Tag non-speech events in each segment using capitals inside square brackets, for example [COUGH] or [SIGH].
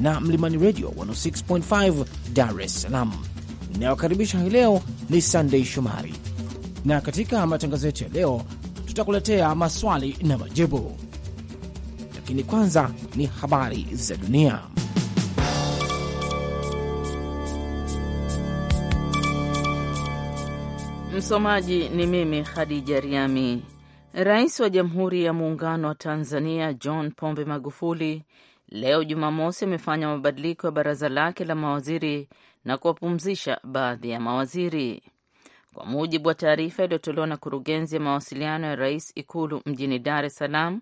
na Mlimani Radio 106.5 Dar es Salaam. Inayokaribisha hii leo ni Sandei Shomari, na katika matangazo yetu ya leo tutakuletea maswali na majibu, lakini kwanza ni habari za dunia. Msomaji ni mimi Khadija Riami. Rais wa Jamhuri ya Muungano wa Tanzania John Pombe Magufuli leo Jumamosi amefanya mabadiliko ya baraza lake la mawaziri na kuwapumzisha baadhi ya mawaziri, kwa mujibu wa taarifa iliyotolewa na kurugenzi ya mawasiliano ya rais Ikulu mjini Dar es Salaam.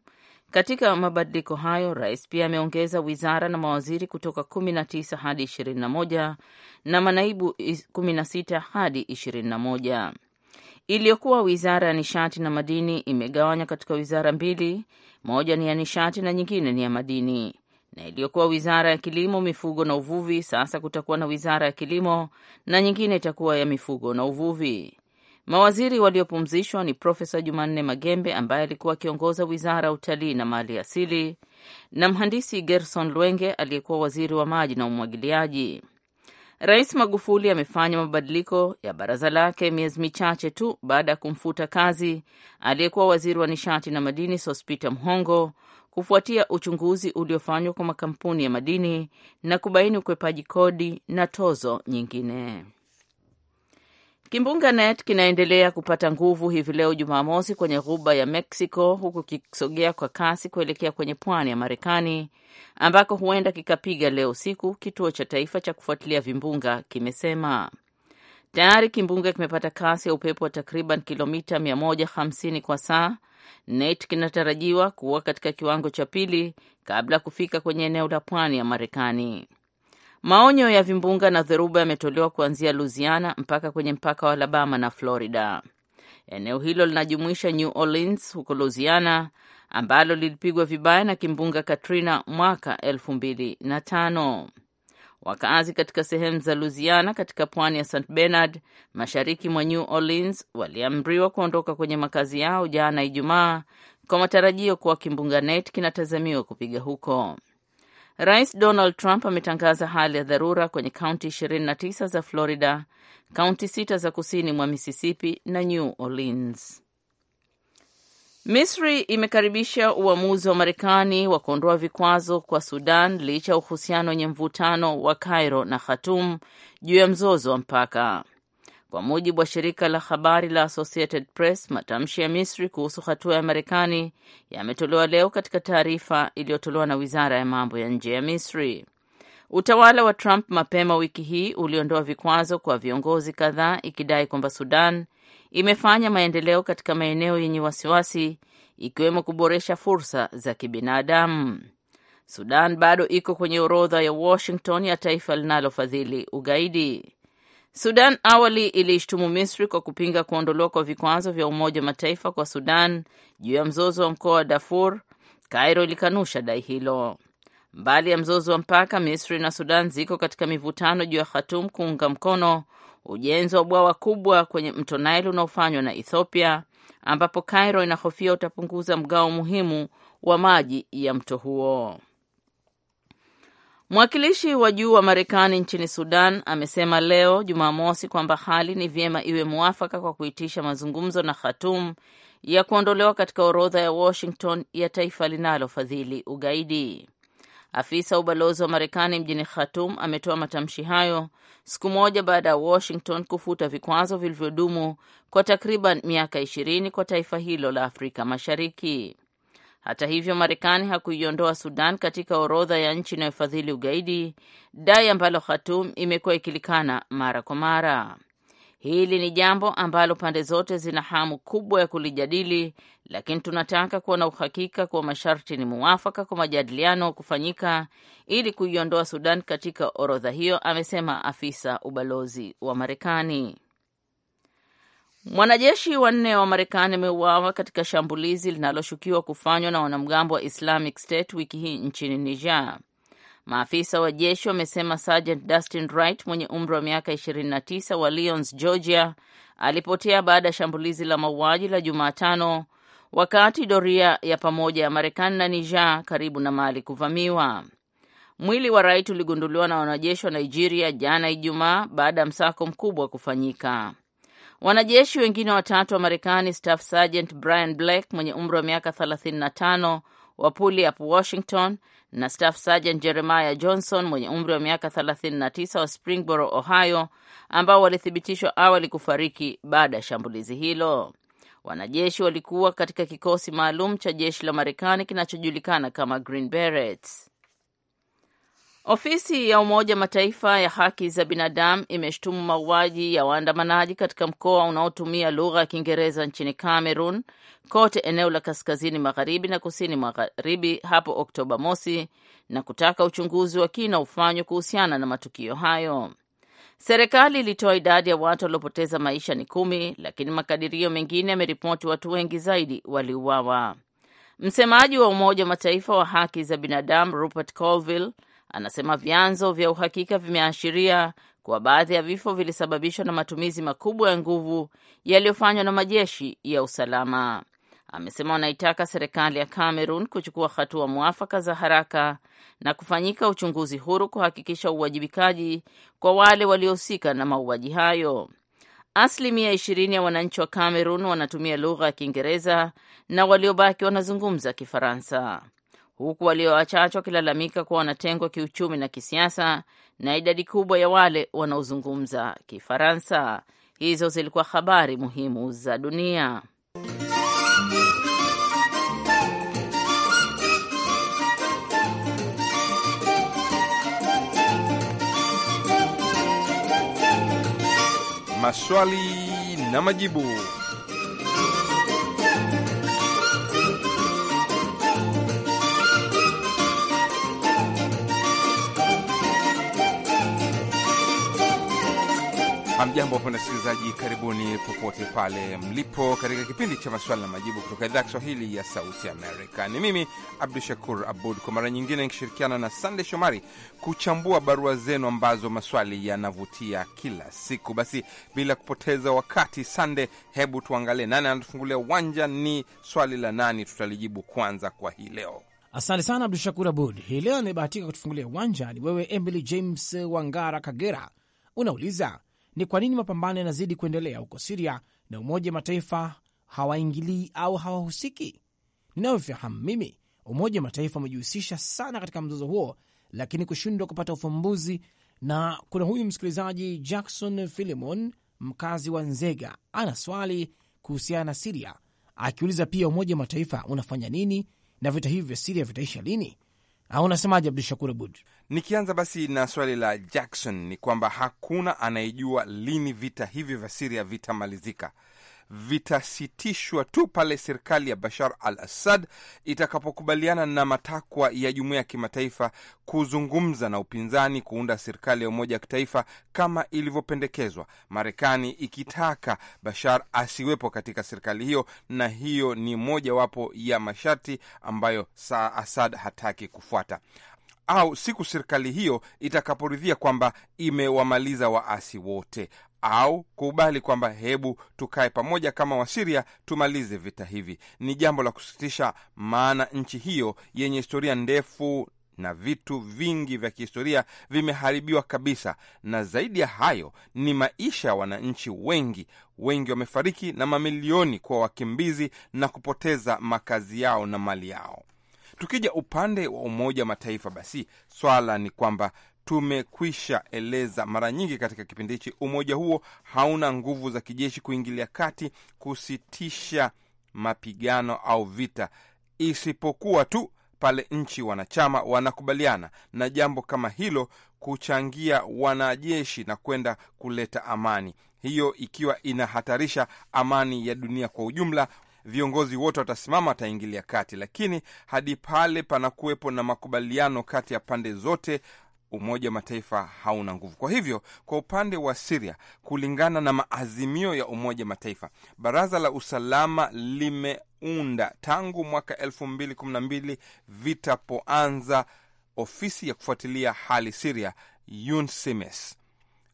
Katika mabadiliko hayo, rais pia ameongeza wizara na mawaziri kutoka 19 hadi 21 na manaibu 16 hadi 21. Iliyokuwa wizara ya nishati na madini imegawanywa katika wizara mbili, moja ni ya nishati na nyingine ni ya madini na iliyokuwa wizara ya kilimo, mifugo na uvuvi, sasa kutakuwa na wizara ya kilimo na nyingine itakuwa ya mifugo na uvuvi. Mawaziri waliopumzishwa ni Profesa Jumanne Magembe ambaye alikuwa akiongoza wizara ya utalii na mali asili na mhandisi Gerson Lwenge aliyekuwa waziri wa maji na umwagiliaji. Rais Magufuli amefanya mabadiliko ya baraza lake miezi michache tu baada ya kumfuta kazi aliyekuwa waziri wa nishati na madini Sospita Mhongo kufuatia uchunguzi uliofanywa kwa makampuni ya madini na kubaini ukwepaji kodi na tozo nyingine. Kimbunga Net kinaendelea kupata nguvu hivi leo Jumamosi kwenye ghuba ya Mexico, huku kikisogea kwa kasi kuelekea kwenye pwani ya Marekani ambako huenda kikapiga leo usiku, kituo cha taifa cha kufuatilia vimbunga kimesema. Tayari kimbunga kimepata kasi ya upepo wa takriban kilomita 150 kwa saa Net kinatarajiwa kuwa katika kiwango cha pili kabla ya kufika kwenye eneo la pwani ya Marekani. Maonyo ya vimbunga na dhoruba yametolewa kuanzia Louisiana mpaka kwenye mpaka wa Alabama na Florida. Eneo hilo linajumuisha New Orleans huko Louisiana, ambalo lilipigwa vibaya na kimbunga Katrina mwaka elfu mbili na tano. Wakaazi katika sehemu za Louisiana katika pwani ya St Bernard mashariki mwa New Orleans waliamriwa kuondoka kwenye makazi yao jana Ijumaa kwa matarajio kuwa kimbunga Net kinatazamiwa kupiga huko. Rais Donald Trump ametangaza hali ya dharura kwenye kaunti 29 za Florida, kaunti sita za kusini mwa Mississippi na New Orleans. Misri imekaribisha uamuzi wa Marekani wa kuondoa vikwazo kwa Sudan licha ya uhusiano wenye mvutano wa Cairo na Khartoum juu ya mzozo wa mpaka. Kwa mujibu wa shirika la habari la Associated Press, matamshi ya Misri kuhusu hatua ya Marekani yametolewa leo katika taarifa iliyotolewa na Wizara ya Mambo ya Nje ya Misri. Utawala wa Trump mapema wiki hii uliondoa vikwazo kwa viongozi kadhaa ikidai kwamba Sudan imefanya maendeleo katika maeneo yenye wasiwasi, ikiwemo kuboresha fursa za kibinadamu. Sudan bado iko kwenye orodha ya Washington ya taifa linalofadhili ugaidi. Sudan awali iliishtumu Misri kwa kupinga kuondolewa kwa vikwazo vya Umoja wa Mataifa kwa Sudan juu ya mzozo wa mkoa wa Darfur. Kairo ilikanusha dai hilo. Mbali ya mzozo wa mpaka, Misri na Sudan ziko katika mivutano juu ya Khartoum kuunga mkono ujenzi wa bwawa kubwa kwenye mto Nile unaofanywa na Ethiopia, ambapo Cairo inahofia utapunguza mgao muhimu wa maji ya mto huo. Mwakilishi wa juu wa Marekani nchini Sudan amesema leo Jumamosi kwamba hali ni vyema iwe mwafaka kwa kuitisha mazungumzo na Khartoum ya kuondolewa katika orodha ya Washington ya taifa linalofadhili ugaidi. Afisa wa ubalozi wa Marekani mjini Khartoum ametoa matamshi hayo siku moja baada ya Washington kufuta vikwazo vilivyodumu kwa takriban miaka ishirini kwa taifa hilo la Afrika Mashariki. Hata hivyo, Marekani hakuiondoa Sudan katika orodha ya nchi inayofadhili ugaidi, dai ambalo Khartoum imekuwa ikilikana mara kwa mara. Hili ni jambo ambalo pande zote zina hamu kubwa ya kulijadili, lakini tunataka kuwa na uhakika kuwa masharti ni muafaka kwa majadiliano kufanyika ili kuiondoa Sudan katika orodha hiyo, amesema afisa ubalozi wa Marekani. Mwanajeshi wanne wa Marekani ameuawa katika shambulizi linaloshukiwa kufanywa na wanamgambo wa Islamic State wiki hii nchini Niger. Maafisa wa jeshi wamesema Sergeant Dustin Wright mwenye umri wa miaka 29 wa Lyons, Georgia, alipotea baada ya shambulizi la mauaji la Jumatano wakati doria ya pamoja ya Marekani na Niger karibu na Mali kuvamiwa. Mwili wa Wright uligunduliwa na wanajeshi wa Nigeria jana Ijumaa baada ya msako mkubwa kufanyika. Wanajeshi wengine watatu wa Marekani, Staff Sergeant Brian Black mwenye umri wa miaka 35 Wapuli hapo Washington na Staff Sergeant Jeremiah Johnson mwenye umri wa miaka 39 wa Springboro, Ohio, ambao walithibitishwa awali kufariki baada ya shambulizi hilo. Wanajeshi walikuwa katika kikosi maalum cha jeshi la Marekani kinachojulikana kama Green Berets. Ofisi ya Umoja Mataifa ya haki za binadamu imeshtumu mauaji ya waandamanaji katika mkoa unaotumia lugha ya Kiingereza nchini Cameroon, kote eneo la kaskazini magharibi na kusini magharibi hapo Oktoba mosi na kutaka uchunguzi wa kina ufanywe kuhusiana na matukio hayo. Serikali ilitoa idadi ya watu waliopoteza maisha ni kumi, lakini makadirio mengine yameripoti watu wengi zaidi waliuawa. Msemaji wa Umoja wa Mataifa wa haki za binadamu Rupert Colville Anasema vyanzo vya uhakika vimeashiria kuwa baadhi ya vifo vilisababishwa na matumizi makubwa ya nguvu yaliyofanywa na majeshi ya usalama. Amesema wanaitaka serikali ya Cameroon kuchukua hatua mwafaka za haraka na kufanyika uchunguzi huru kuhakikisha uwajibikaji kwa wale waliohusika na mauaji hayo. Asilimia ishirini ya wananchi wa Cameroon wanatumia lugha ya Kiingereza na waliobaki wanazungumza Kifaransa huku walio wachache wakilalamika kuwa wanatengwa kiuchumi na kisiasa na idadi kubwa ya wale wanaozungumza Kifaransa. Hizo zilikuwa habari muhimu za dunia. Maswali na majibu. Hamjambo wapenda sikilizaji, karibuni popote pale mlipo katika kipindi cha maswali na majibu kutoka idhaa ya Kiswahili ya Sauti Amerika. Ni mimi Abdu Shakur Abud kwa mara nyingine nikishirikiana na Sande Shomari kuchambua barua zenu ambazo maswali yanavutia kila siku. Basi bila kupoteza wakati, Sande, hebu tuangalie nani anatufungulia uwanja. Ni swali la nani tutalijibu kwanza kwa hii leo? Asante sana Abdu Shakur Abud. Hii leo nimebahatika kutufungulia uwanja ni wewe Emily James Wangara Kagera, unauliza ni kwa nini mapambano yanazidi kuendelea huko Siria na Umoja wa Mataifa hawaingilii au hawahusiki? Ninavyofahamu mimi, Umoja wa Mataifa umejihusisha sana katika mzozo huo, lakini kushindwa kupata ufumbuzi. Na kuna huyu msikilizaji Jackson Filimon, mkazi wa Nzega, ana swali kuhusiana na Siria akiuliza pia Umoja wa Mataifa unafanya nini na vita hivi vya Siria vitaisha lini? au unasemaje, Abdu Shakur Abud? Nikianza basi na swali la Jackson, ni kwamba hakuna anayejua lini vita hivyo vya Siria vitamalizika vitasitishwa tu pale serikali ya Bashar al Assad itakapokubaliana na matakwa ya jumuiya ya kimataifa kuzungumza na upinzani kuunda serikali ya umoja wa kitaifa kama ilivyopendekezwa, Marekani ikitaka Bashar asiwepo katika serikali hiyo, na hiyo ni mojawapo ya masharti ambayo saa Assad hataki kufuata au siku serikali hiyo itakaporidhia kwamba imewamaliza waasi wote au kukubali kwamba hebu tukae pamoja kama Wasiria tumalize vita hivi. Ni jambo la kusikitisha, maana nchi hiyo yenye historia ndefu na vitu vingi vya kihistoria vimeharibiwa kabisa, na zaidi ya hayo ni maisha ya wananchi wengi. Wengi wamefariki na mamilioni kuwa wakimbizi na kupoteza makazi yao na mali yao. Tukija upande wa Umoja wa Mataifa, basi swala ni kwamba tumekwisha eleza mara nyingi katika kipindi hichi, umoja huo hauna nguvu za kijeshi kuingilia kati kusitisha mapigano au vita, isipokuwa tu pale nchi wanachama wanakubaliana na jambo kama hilo, kuchangia wanajeshi na kwenda kuleta amani, hiyo ikiwa inahatarisha amani ya dunia kwa ujumla viongozi wote watasimama, wataingilia kati, lakini hadi pale panakuwepo na makubaliano kati ya pande zote Umoja wa Mataifa hauna nguvu. Kwa hivyo, kwa upande wa Siria, kulingana na maazimio ya Umoja wa Mataifa, Baraza la Usalama limeunda tangu mwaka elfu mbili kumi na mbili vitapoanza ofisi ya kufuatilia hali Siria, UNSIMES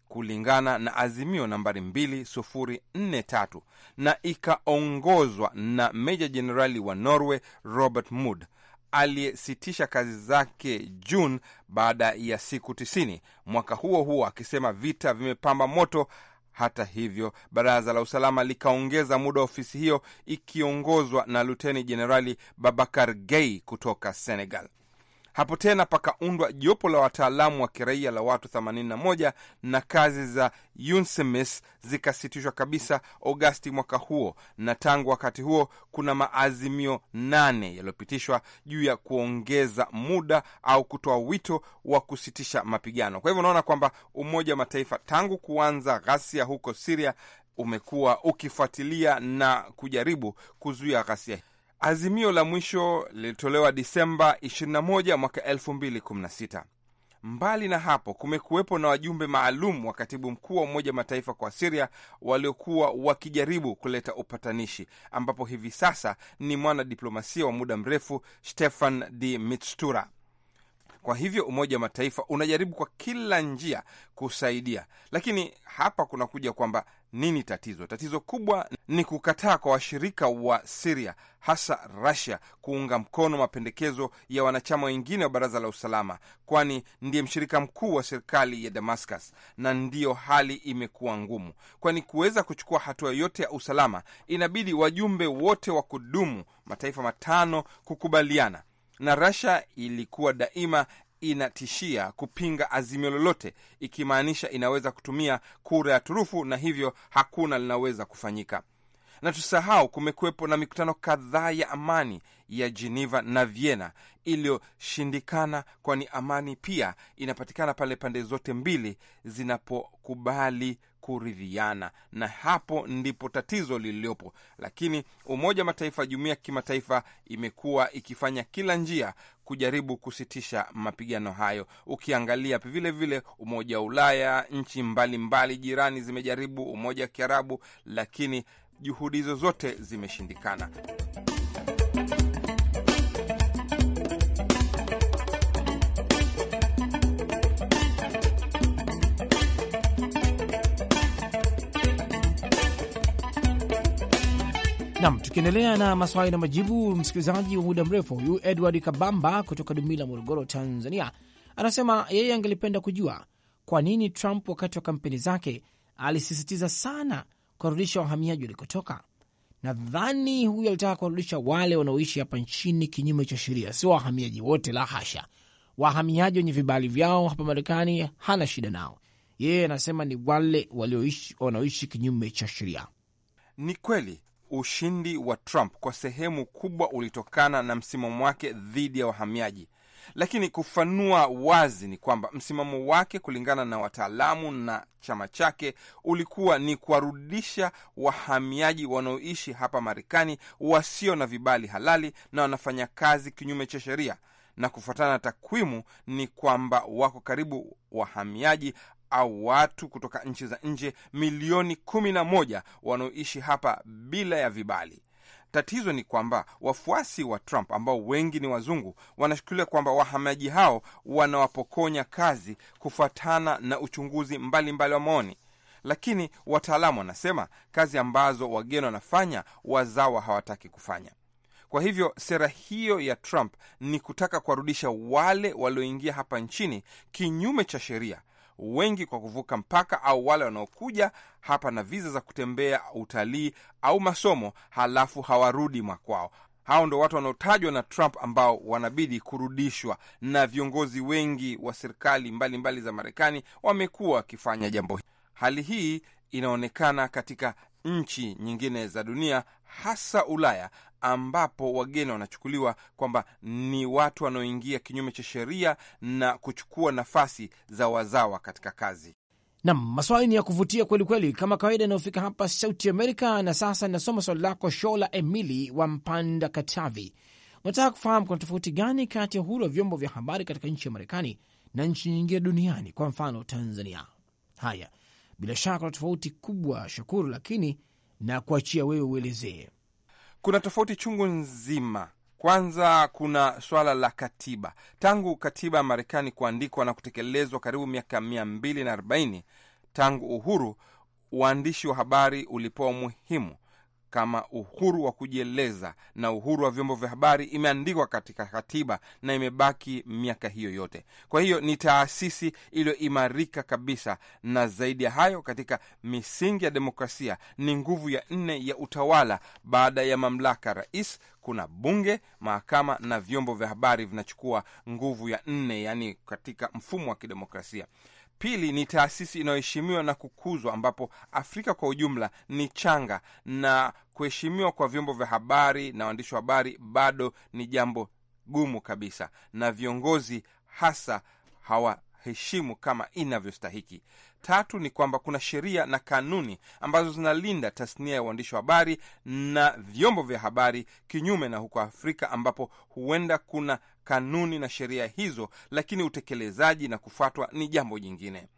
kulingana na azimio nambari 2043 na ikaongozwa na meja jenerali wa Norway Robert Mood aliyesitisha kazi zake Juni baada ya siku tisini mwaka huo huo, akisema vita vimepamba moto. Hata hivyo, baraza la usalama likaongeza muda wa ofisi hiyo ikiongozwa na luteni jenerali Babakar Gay kutoka Senegal. Hapo tena pakaundwa jopo la wataalamu wa kiraia la watu 81 na kazi za UNSMIS zikasitishwa kabisa Agosti mwaka huo, na tangu wakati huo kuna maazimio nane yaliyopitishwa juu ya kuongeza muda au kutoa wito wa kusitisha mapigano. Kwa hivyo unaona kwamba Umoja wa Mataifa tangu kuanza ghasia huko Siria umekuwa ukifuatilia na kujaribu kuzuia ghasia. Azimio la mwisho lilitolewa Disemba 21 mwaka 2016. Mbali na hapo, kumekuwepo na wajumbe maalum wa katibu mkuu wa Umoja Mataifa kwa Siria waliokuwa wakijaribu kuleta upatanishi, ambapo hivi sasa ni mwanadiplomasia wa muda mrefu Stefan de Mistura. Kwa hivyo Umoja Mataifa unajaribu kwa kila njia kusaidia, lakini hapa kunakuja kwamba nini tatizo? Tatizo kubwa ni kukataa kwa washirika wa Siria, hasa Rasia, kuunga mkono mapendekezo ya wanachama wengine wa baraza la usalama, kwani ndiye mshirika mkuu wa serikali ya Damascus. Na ndiyo hali imekuwa ngumu, kwani kuweza kuchukua hatua yoyote ya usalama inabidi wajumbe wote wa kudumu, mataifa matano, kukubaliana na Rasia ilikuwa daima inatishia kupinga azimio lolote, ikimaanisha inaweza kutumia kura ya turufu, na hivyo hakuna linaweza kufanyika. Na tusahau kumekuwepo na mikutano kadhaa ya amani ya Geneva na Vienna iliyoshindikana, kwani amani pia inapatikana pale pande zote mbili zinapokubali kuridhiana, na hapo ndipo tatizo lililopo. Lakini Umoja wa Mataifa, jumuiya ya kimataifa imekuwa ikifanya kila njia kujaribu kusitisha mapigano hayo. Ukiangalia vilevile vile Umoja wa Ulaya, nchi mbalimbali mbali jirani zimejaribu, Umoja wa Kiarabu, lakini juhudi hizo zote zimeshindikana. Nam, tukiendelea na maswali na majibu, msikilizaji wa muda mrefu huyu Edward Kabamba kutoka Dumila, Morogoro, Tanzania, anasema yeye angelipenda kujua kwa nini Trump wakati wa kampeni zake alisisitiza sana kuwarudisha wahamiaji walikotoka. Nadhani huyu alitaka kuwarudisha wale wanaoishi hapa nchini kinyume cha sheria, sio wahamiaji wote, la hasha. Wahamiaji wenye vibali vyao hapa Marekani hana shida nao, yeye anasema ni wale wanaoishi kinyume cha sheria. Ni kweli ushindi wa Trump kwa sehemu kubwa ulitokana na msimamo wake dhidi ya wahamiaji. Lakini kufanua wazi ni kwamba msimamo wake kulingana na wataalamu na chama chake ulikuwa ni kuwarudisha wahamiaji wanaoishi hapa Marekani wasio na vibali halali na wanafanya kazi kinyume cha sheria, na kufuatana na takwimu ni kwamba wako karibu wahamiaji au watu kutoka nchi za nje milioni kumi na moja wanaoishi hapa bila ya vibali. Tatizo ni kwamba wafuasi wa Trump ambao wengi ni wazungu wanashukulia kwamba wahamiaji hao wanawapokonya kazi kufuatana na uchunguzi mbalimbali mbali wa maoni lakini wataalamu wanasema kazi ambazo wageni wanafanya wazawa hawataki kufanya. Kwa hivyo sera hiyo ya Trump ni kutaka kuwarudisha wale walioingia hapa nchini kinyume cha sheria wengi kwa kuvuka mpaka, au wale wanaokuja hapa na viza za kutembea, utalii au masomo, halafu hawarudi mwakwao. Hao ndo watu wanaotajwa na Trump ambao wanabidi kurudishwa, na viongozi wengi wa serikali mbalimbali za Marekani wamekuwa wakifanya jambo hili. Hali hii inaonekana katika nchi nyingine za dunia, hasa Ulaya ambapo wageni wanachukuliwa kwamba ni watu wanaoingia kinyume cha sheria na kuchukua nafasi za wazawa katika kazi. Nam, maswali ni ya kuvutia kwelikweli kweli, kama kawaida inayofika hapa Sauti Amerika. Na sasa ninasoma swali lako Shola Emili wa Mpanda, Katavi. Unataka kufahamu kuna tofauti gani kati ya uhuru wa vyombo vya habari katika nchi ya Marekani na nchi nyingine duniani, kwa mfano Tanzania. Haya, bila shaka kuna tofauti kubwa, Shakuru, lakini na kuachia wewe uelezee kuna tofauti chungu nzima. Kwanza kuna swala la katiba. Tangu katiba ya Marekani kuandikwa na kutekelezwa karibu miaka mia mbili na arobaini tangu uhuru, uandishi wa habari ulipewa umuhimu kama uhuru wa kujieleza na uhuru wa vyombo vya habari imeandikwa katika katiba na imebaki miaka hiyo yote. Kwa hiyo ni taasisi iliyoimarika kabisa, na zaidi ya hayo, katika misingi ya demokrasia ni nguvu ya nne ya utawala baada ya mamlaka rais. Kuna bunge, mahakama na vyombo vya habari vinachukua nguvu ya nne, yaani katika mfumo wa kidemokrasia. Pili ni taasisi inayoheshimiwa na kukuzwa, ambapo Afrika kwa ujumla ni changa na kuheshimiwa kwa vyombo vya habari na waandishi wa habari bado ni jambo gumu kabisa, na viongozi hasa hawaheshimu kama inavyostahiki. Tatu ni kwamba kuna sheria na kanuni ambazo zinalinda tasnia ya uandishi wa habari na vyombo vya habari, kinyume na huko Afrika ambapo huenda kuna kanuni na sheria hizo, lakini utekelezaji na kufuatwa ni jambo jingine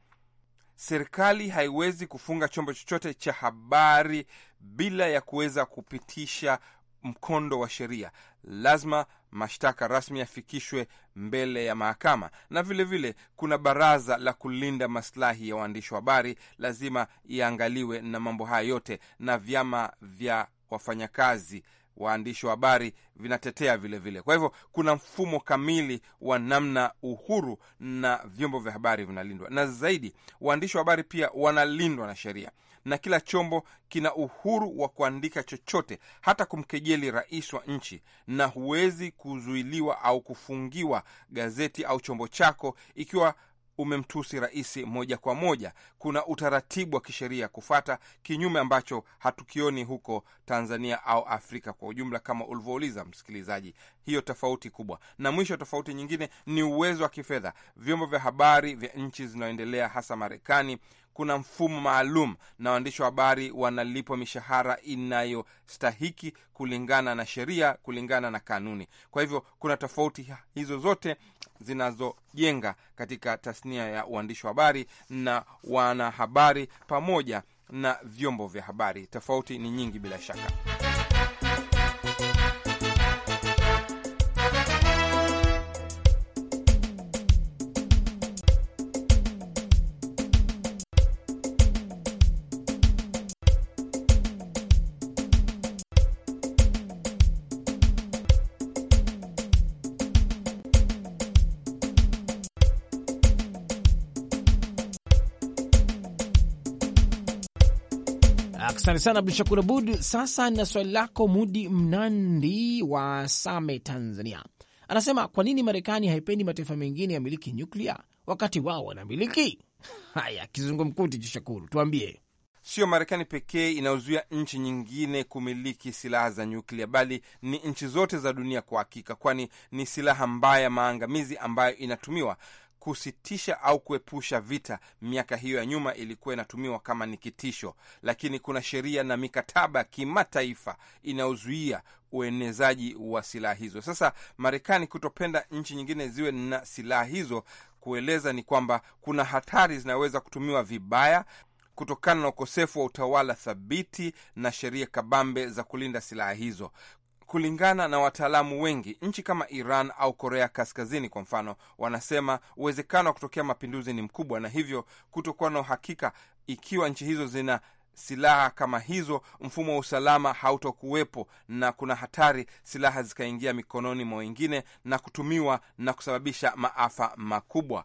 serikali haiwezi kufunga chombo chochote cha habari bila ya kuweza kupitisha mkondo wa sheria. Lazima mashtaka rasmi yafikishwe mbele ya mahakama, na vilevile vile, kuna baraza la kulinda maslahi ya waandishi wa habari, lazima iangaliwe na mambo haya yote na vyama vya wafanyakazi waandishi wa habari vinatetea vilevile vile. Kwa hivyo kuna mfumo kamili wa namna uhuru na vyombo vya habari vinalindwa, na zaidi waandishi wa habari pia wanalindwa na sheria, na kila chombo kina uhuru wa kuandika chochote, hata kumkejeli rais wa nchi, na huwezi kuzuiliwa au kufungiwa gazeti au chombo chako ikiwa umemtusi rais moja kwa moja. Kuna utaratibu wa kisheria kufata, kinyume ambacho hatukioni huko Tanzania au Afrika kwa ujumla, kama ulivyouliza msikilizaji. Hiyo tofauti kubwa. Na mwisho, tofauti nyingine ni uwezo wa kifedha. Vyombo vya habari vya nchi zinaoendelea hasa Marekani kuna mfumo maalum na waandishi wa habari wanalipwa mishahara inayostahiki kulingana na sheria, kulingana na kanuni. Kwa hivyo kuna tofauti hizo zote zinazojenga katika tasnia ya uandishi wa habari na wanahabari pamoja na vyombo vya habari. Tofauti ni nyingi bila shaka. Asante sana Abdu Shakur Abud. Sasa na swali lako Mudi Mnandi wa Same, Tanzania, anasema kwa nini Marekani haipendi mataifa mengine yamiliki nyuklia wakati wao wanamiliki? [LAUGHS] Haya, kizungumkuti cha Shakuru, tuambie. Sio Marekani pekee inayozuia nchi nyingine kumiliki silaha za nyuklia, bali ni nchi zote za dunia kwa hakika, kwani ni silaha mbaya, maangamizi ambayo inatumiwa kusitisha au kuepusha vita. Miaka hiyo ya nyuma ilikuwa inatumiwa kama ni kitisho, lakini kuna sheria na mikataba ya kimataifa inayozuia uenezaji wa silaha hizo. Sasa Marekani kutopenda nchi nyingine ziwe na silaha hizo, kueleza ni kwamba kuna hatari zinaweza kutumiwa vibaya kutokana na ukosefu wa utawala thabiti na sheria kabambe za kulinda silaha hizo. Kulingana na wataalamu wengi, nchi kama Iran au Korea Kaskazini kwa mfano, wanasema uwezekano wa kutokea mapinduzi ni mkubwa, na hivyo kutokuwa na uhakika ikiwa nchi hizo zina silaha kama hizo, mfumo wa usalama hautokuwepo na kuna hatari silaha zikaingia mikononi mwa wengine na kutumiwa na kusababisha maafa makubwa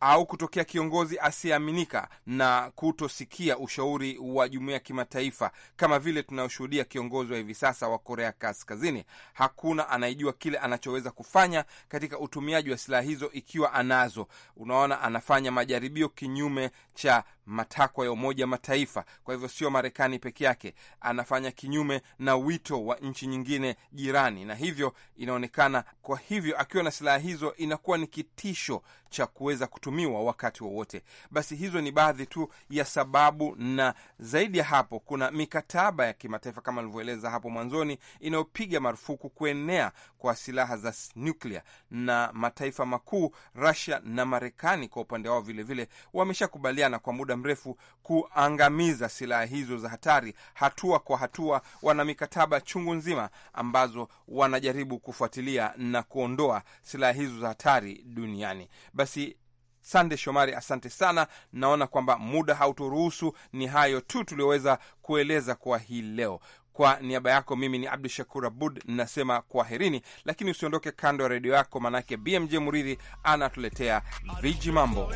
au kutokea kiongozi asiyeaminika na kutosikia ushauri wa jumuiya ya kimataifa, kama vile tunayoshuhudia kiongozi wa hivi sasa wa Korea Kaskazini. Hakuna anayejua kile anachoweza kufanya katika utumiaji wa silaha hizo, ikiwa anazo. Unaona, anafanya majaribio kinyume cha matakwa ya Umoja Mataifa. Kwa hivyo sio Marekani peke yake, anafanya kinyume na wito wa nchi nyingine jirani, na hivyo inaonekana. Kwa hivyo akiwa na silaha hizo inakuwa ni kitisho cha kuweza kutumiwa wakati wowote wa. Basi hizo ni baadhi tu ya sababu, na zaidi ya hapo kuna mikataba ya kimataifa kama alivyoeleza hapo mwanzoni inayopiga marufuku kuenea kwa silaha za nyuklia, na mataifa makuu rasia na Marekani kwa upande wao vilevile wameshakubaliana kwa muda mrefu kuangamiza silaha hizo za hatari hatua kwa hatua. Wana mikataba chungu nzima ambazo wanajaribu kufuatilia na kuondoa silaha hizo za hatari duniani. Basi Sande Shomari, asante sana. Naona kwamba muda hauturuhusu. Ni hayo tu tulioweza kueleza kwa hii leo. Kwa niaba yako mimi ni Abdu Shakur Abud nasema kwaherini, lakini usiondoke kando ya redio yako, manake BMJ Muridhi anatuletea viji mambo.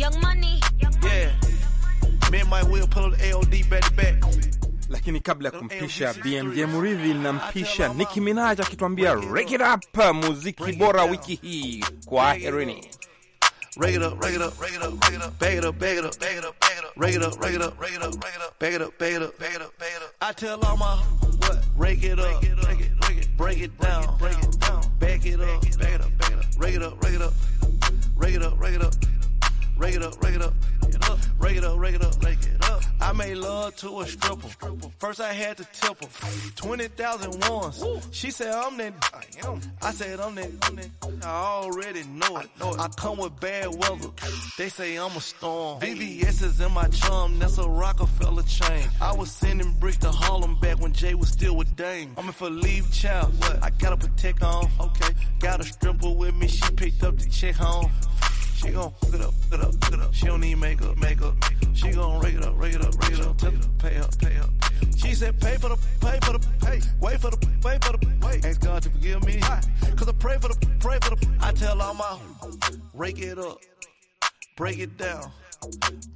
Young Money. Yeah. Me and my will pull the AOD back to back. Lakini kabla ya kumpisha BMJ Muridhi, linampisha Nicki Minaj akituambia rake it up, muziki bora wiki hii. Kwa herini. Rake it up, rake it up, rake it up, rake it up, bag it up, bag it up, bag it up, rake it up, rake it up, rake it up, bag it up, bag it up, bag it up, bag it up. I it up, break it, break it, break it down, break it down, it up, back it up, back it up, rake it up, rake it up, rake it up, rake it up. Rake it up, rake it up. Rake it up, rake it up, rake it up. I made love to a stripper. First I had to tip her. 20,000 once. She said, I'm that. I I said, I'm that. I already know it. I come with bad weather. They say I'm a storm. BBS is in my chum. That's a Rockefeller chain. I was sending bricks to Harlem back when Jay was still with Dame. I'm in for leave child. I got to protect on. Okay. Got a stripper with me. She picked up the check home. She gon' hook it up, hook it up, hook it up. She don't need makeup, makeup. She gon' rake it up, rake it up, rake it up. Tell her, pay up, pay up. She said, pay for the, pay for the, pay. Wait for the, wait for the, wait. Ask God to forgive me. Cause I pray for the, pray for the. I tell all my, rake it up, break it down,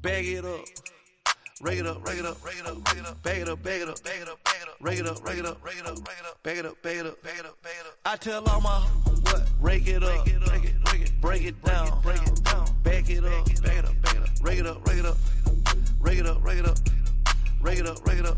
bag it up. Rake it up, rake it up, rake it up, rake it up, bag it up, bag it up, bag it up, bag it up, Rake it up, rake it up, rake it up, rake it up, bag it up, bag it up, bag it up, bag it up. I tell all my what? Rake it up, break it, break it, break it down, break it down, back it up, bag it up, bag it up, rag it up, Rake it up, rake it up, rake it up rake it up, rake it up.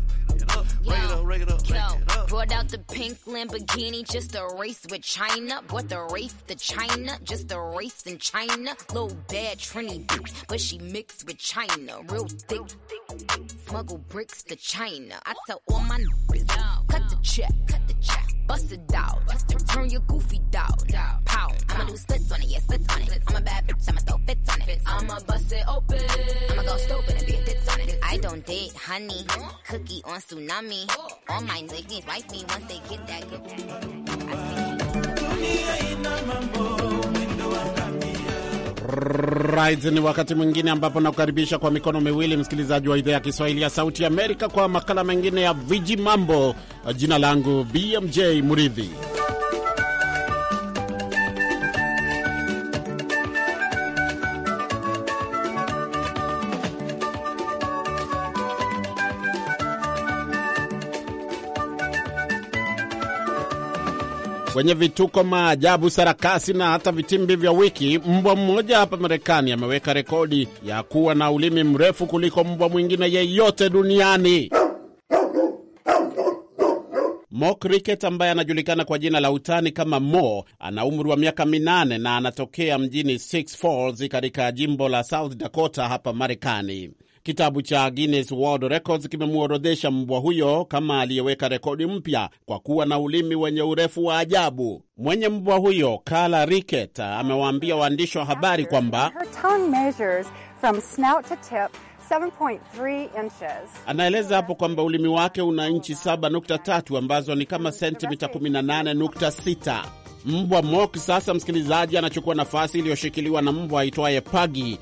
Brought out the pink Lamborghini just a race with China. Bought the race to China, just a race in China. Little bad Trini bitch, but she mixed with China. Real thick, smuggle bricks to China. I tell all my niggas, cut the check, cut the check, bust it out. Turn your goofy down. date, honey. Cookie on tsunami. All my niggas wife me once they get that good. Right, ni wakati mwingine ambapo nakukaribisha kwa mikono miwili msikilizaji wa idhaa ya Kiswahili ya Sauti ya Amerika kwa makala mengine ya Viji Mambo. Jina langu BMJ Muridhi. Kwenye vituko, maajabu, sarakasi na hata vitimbi vya wiki, mbwa mmoja hapa Marekani ameweka rekodi ya kuwa na ulimi mrefu kuliko mbwa mwingine yeyote duniani. Mo Cricket ambaye anajulikana kwa jina la utani kama Mo ana umri wa miaka minane na anatokea mjini Sioux Falls katika jimbo la South Dakota hapa Marekani. Kitabu cha Guinness World Records kimemworodhesha mbwa huyo kama aliyeweka rekodi mpya kwa kuwa na ulimi wenye urefu wa ajabu. Mwenye mbwa huyo Kala riket amewaambia waandishi wa habari kwamba anaeleza hapo kwamba ulimi wake una inchi 7.3 ambazo ni kama sentimita 18.6. Mbwa Mok sasa, msikilizaji, anachukua nafasi iliyoshikiliwa na mbwa aitwaye Pagi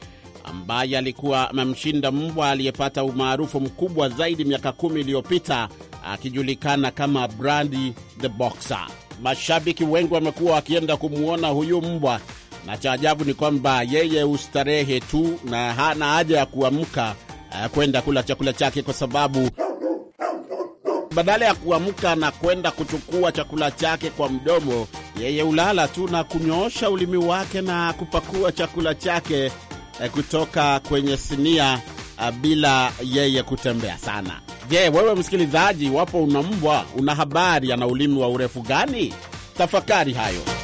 ambaye alikuwa amemshinda mbwa aliyepata umaarufu mkubwa zaidi miaka kumi iliyopita akijulikana kama Brandi the Boxer. Mashabiki wengi wamekuwa wakienda kumwona huyu mbwa, na cha ajabu ni kwamba yeye ustarehe tu na hana haja ya kuamka eh, kwenda kula chakula chake kwa sababu badala ya kuamka na kwenda kuchukua chakula chake kwa mdomo, yeye ulala tu na kunyoosha ulimi wake na kupakua chakula chake Eh, kutoka kwenye sinia eh, bila yeye kutembea sana. Je, wewe msikilizaji, wapo una mbwa, una habari ana ulimi wa urefu gani? Tafakari hayo.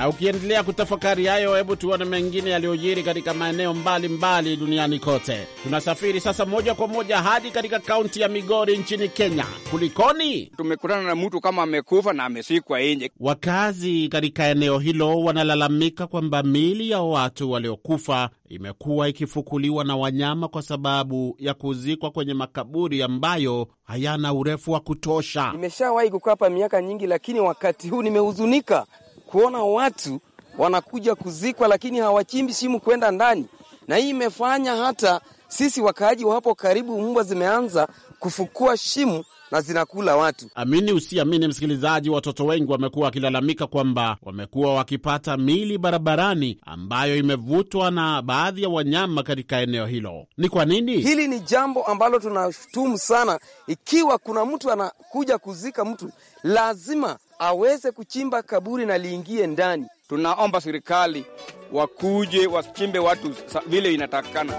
Na ukiendelea kutafakari hayo, hebu tuone mengine yaliyojiri katika maeneo mbalimbali duniani kote. Tunasafiri sasa moja kwa moja hadi katika kaunti ya Migori nchini Kenya. Kulikoni? Tumekutana na mtu kama amekufa na amesikwa nje. Wakazi katika eneo hilo wanalalamika kwamba miili ya watu waliokufa imekuwa ikifukuliwa na wanyama kwa sababu ya kuzikwa kwenye makaburi ambayo hayana urefu wa kutosha. Nimeshawahi kukaa hapa miaka nyingi, lakini wakati huu nimehuzunika, kuona watu wanakuja kuzikwa, lakini hawachimbi shimo kwenda ndani, na hii imefanya hata sisi wakaaji wa hapo karibu, mbwa zimeanza kufukua shimo na zinakula watu. Amini usiamini, msikilizaji, watoto wengi wamekuwa wakilalamika kwamba wamekuwa wakipata mili barabarani ambayo imevutwa na baadhi ya wanyama katika eneo hilo. Ni kwa nini? Hili ni jambo ambalo tunashutumu sana. Ikiwa kuna mtu anakuja kuzika mtu, lazima aweze kuchimba kaburi na liingie ndani. Tunaomba serikali wakuje wachimbe watu vile inatakikana.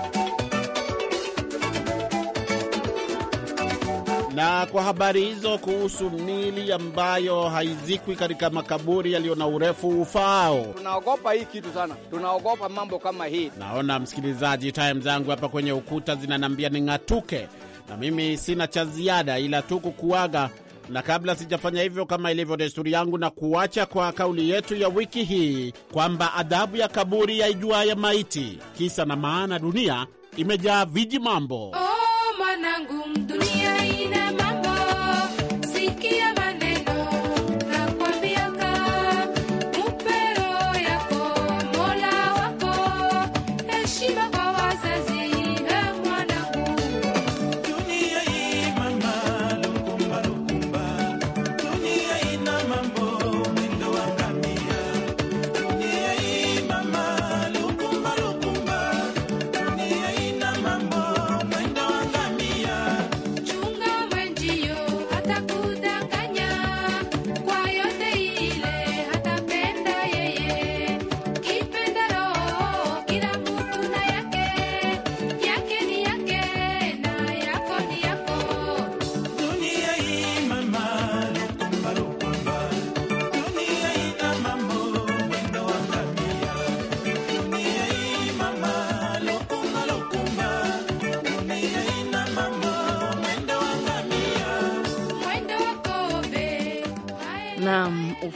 Na kwa habari hizo kuhusu mili ambayo haizikwi katika makaburi yaliyo na urefu ufaao, tunaogopa hii kitu sana, tunaogopa mambo kama hii. Naona msikilizaji, time zangu hapa kwenye ukuta zinanambia ning'atuke, na mimi sina cha ziada ila tu kukuaga na kabla sijafanya hivyo, kama ilivyo desturi yangu, na kuacha kwa kauli yetu ya wiki hii kwamba adhabu ya kaburi yaijuaye maiti, kisa na maana dunia imejaa viji mambo.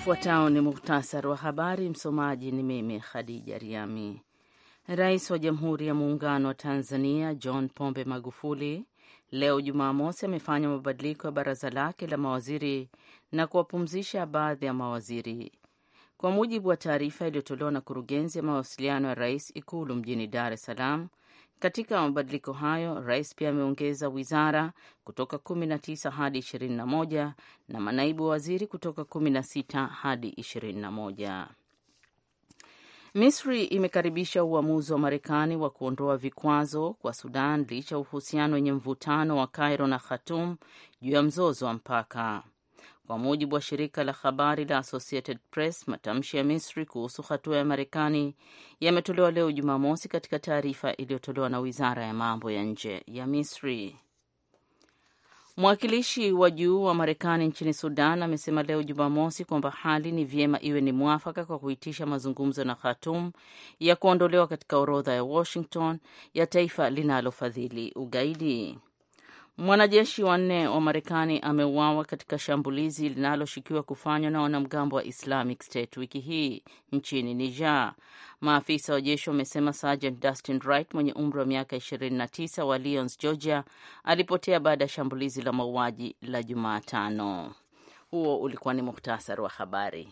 Ufuatao ni muhtasari wa habari. Msomaji ni mimi Khadija Riami. Rais wa Jamhuri ya Muungano wa Tanzania John Pombe Magufuli leo Jumamosi amefanya mabadiliko ya baraza lake la mawaziri na kuwapumzisha baadhi ya mawaziri, kwa mujibu wa taarifa iliyotolewa na kurugenzi ya mawasiliano ya rais Ikulu mjini Dar es Salaam. Katika mabadiliko hayo, rais pia ameongeza wizara kutoka kumi na tisa hadi ishirini na moja na manaibu wa waziri kutoka kumi na sita hadi ishirini na moja. Misri imekaribisha uamuzi wa Marekani wa kuondoa vikwazo kwa Sudan licha ya uhusiano wenye mvutano wa Cairo na Khartoum juu ya mzozo wa mpaka. Kwa mujibu wa shirika la habari la Associated Press, matamshi ya Misri kuhusu hatua ya Marekani yametolewa leo Jumamosi katika taarifa iliyotolewa na wizara ya mambo ya nje ya Misri. Mwakilishi wa juu wa Marekani nchini Sudan amesema leo Jumamosi kwamba hali ni vyema iwe ni mwafaka kwa kuitisha mazungumzo na Khartoum ya kuondolewa katika orodha ya Washington ya taifa linalofadhili ugaidi. Mwanajeshi wanne wa Marekani ameuawa katika shambulizi linaloshikiwa kufanywa na wanamgambo wa Islamic State wiki hii nchini Niger. Maafisa wa jeshi wamesema Sergeant Dustin Wright mwenye umri wa miaka 29 wa Lyons, Georgia, alipotea baada ya shambulizi la mauaji la Jumatano. Huo ulikuwa ni muhtasari wa habari.